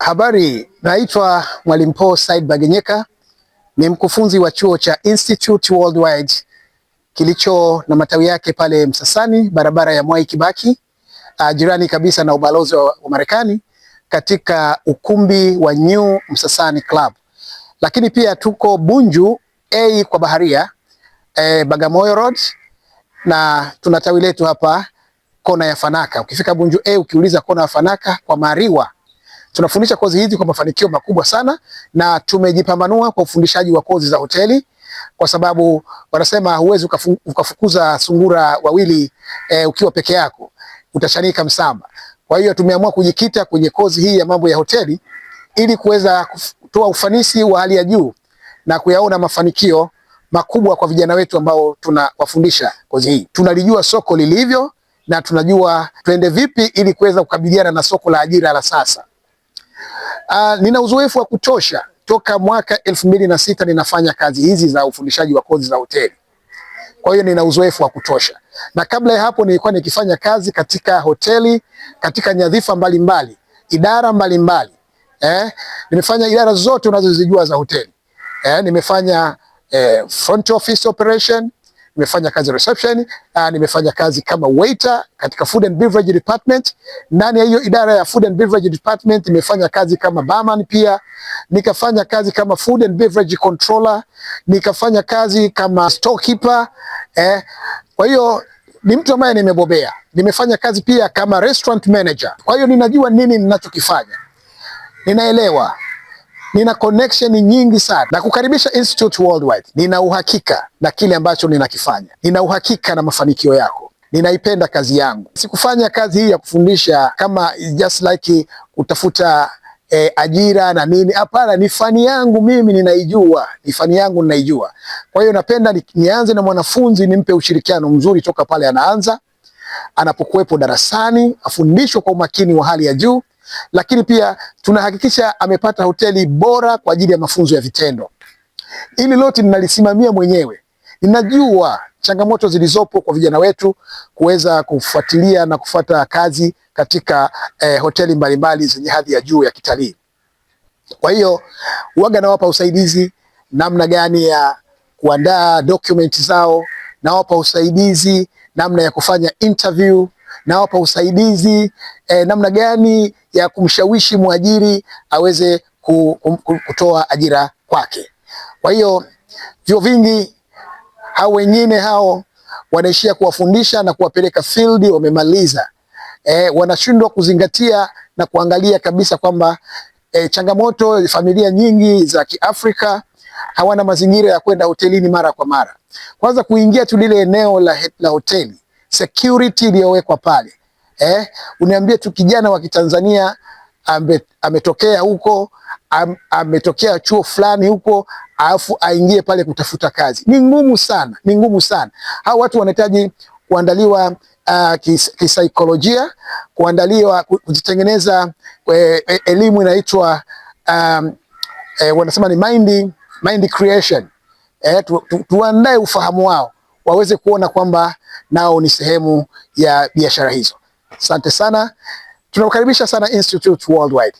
Habari, naitwa Mwalimu Paul Said Bagenyeka, ni mkufunzi wa chuo cha Institute Worldwide kilicho na matawi yake pale Msasani, barabara ya Mwai Kibaki, ah, jirani kabisa na ubalozi wa Marekani, katika ukumbi wa New Msasani Club. Lakini pia tuko Bunju A kwa Baharia, eh, Bagamoyo Road na tuna tawi letu hapa kona ya Fanaka. Ukifika Bunju A ukiuliza kona ya Fanaka kwa Mariwa Tunafundisha kozi hizi kwa mafanikio makubwa sana, na tumejipambanua kwa ufundishaji wa kozi za hoteli kwa sababu wanasema huwezi ukafukuza sungura wawili e, ukiwa peke yako, utachanika msamba. Kwa hiyo tumeamua kujikita kwenye kozi hii ya mambo ya hoteli ili kuweza kutoa ufanisi wa hali ya juu na kuyaona mafanikio makubwa kwa vijana wetu ambao tunawafundisha kozi hii. Tunalijua soko lilivyo na tunajua tuende vipi ili kuweza kukabiliana na soko la ajira la sasa. Uh, nina uzoefu wa kutosha toka mwaka elfu mbili na sita ninafanya kazi hizi za ufundishaji wa kozi za hoteli. Kwa hiyo nina uzoefu wa kutosha, na kabla ya hapo nilikuwa nikifanya kazi katika hoteli katika nyadhifa mbalimbali mbali, idara mbalimbali mbali. Eh, nimefanya idara zote unazozijua za hoteli eh, nimefanya eh, front office operation nimefanya kazi reception, uh, nimefanya kazi kama waiter katika food and beverage department. Ndani ya hiyo idara ya food and beverage department nimefanya kazi kama barman, pia nikafanya kazi kama food and beverage controller, nikafanya kazi kama storekeeper eh. Kwa hiyo ni mtu ambaye nimebobea. Nimefanya kazi pia kama restaurant manager, kwa hiyo ninajua nini ninachokifanya, ninaelewa nina connection nyingi sana na kukaribisha Institute Worldwide. Nina uhakika na kile ambacho ninakifanya, nina uhakika na mafanikio yako. Ninaipenda kazi yangu. Sikufanya kazi hii ya kufundisha kama just like kutafuta E, ajira na nini? Hapana, ni fani yangu mimi, ninaijua ni fani yangu ninaijua. Kwa hiyo napenda ni, nianze na mwanafunzi nimpe ushirikiano mzuri toka pale anaanza, anapokuwepo darasani, afundishwe kwa umakini wa hali ya juu, lakini pia tunahakikisha amepata hoteli bora kwa ajili ya mafunzo ya vitendo. Ili lote ninalisimamia mwenyewe, ninajua changamoto zilizopo kwa vijana wetu kuweza kufuatilia na kufata kazi katika eh, hoteli mbalimbali zenye hadhi ya juu ya kitalii. Kwa hiyo waga nawapa usaidizi namna gani ya kuandaa document zao, nawapa usaidizi namna ya kufanya interview, nawapa usaidizi eh, namna gani ya kumshawishi mwajiri aweze kutoa ajira kwake. Kwa hiyo vyuo vingi hao wengine hao wanaishia kuwafundisha na kuwapeleka field wamemaliza, e, wanashindwa kuzingatia na kuangalia kabisa kwamba e, changamoto familia nyingi za Kiafrika hawana mazingira ya kwenda hotelini mara kwa mara. Kwanza kuingia tu lile eneo la, la hoteli security iliyowekwa pale eh, uniambie tu kijana wa Kitanzania ametokea huko am, ametokea chuo fulani huko alafu aingie pale kutafuta kazi. Ni ngumu sana, ni ngumu sana. Hao watu wanahitaji kuandaliwa uh, kisaikolojia, kuandaliwa kujitengeneza, eh, eh, elimu inaitwa um, e, wanasema ni mind, mind creation e, tu, tu, tuandae ufahamu wao waweze kuona kwamba nao ni sehemu ya biashara hizo. Asante sana, tunakukaribisha sana Institute Worldwide.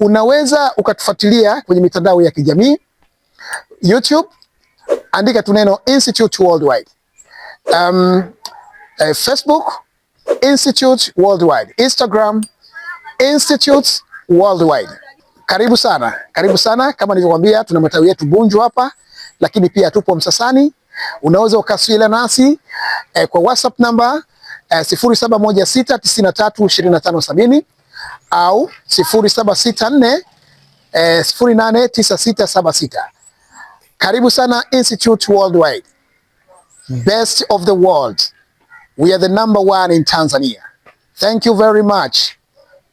Unaweza ukatufuatilia kwenye mitandao ya kijamii YouTube, andika tu neno Institute Worldwide. Um, uh, Facebook Institute Worldwide, Instagram Institute Worldwide. Karibu sana, karibu sana. Kama nilivyokuambia, tuna matawi yetu Bunju hapa, lakini pia tupo Msasani. Unaweza ukasiliana nasi eh, kwa WhatsApp namba eh, 0716932570 au 0764 eh, Karibu sana Institute Worldwide. Best of the world. We are the number one in Tanzania. Thank you very much.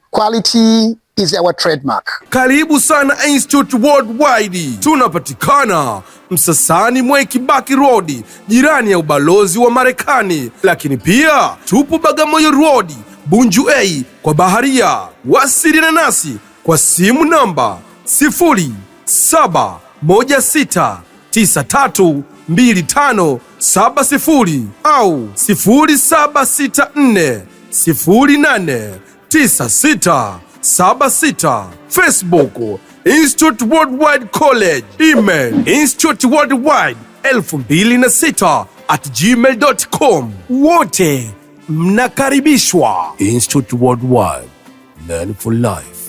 Quality is our trademark. Karibu sana Institute Worldwide. Tunapatikana Msasani Mwai Kibaki Road, jirani ya ubalozi wa Marekani. Lakini pia tupo Bagamoyo Road, Bunju A kwa Baharia. Wasiliana nasi kwa simu namba 0716932570 au 07640896 76 Facebook Institute Worldwide College, email Institute Worldwide 2006 at gmail.com. Wote mnakaribishwa. Institute Worldwide, learn for life.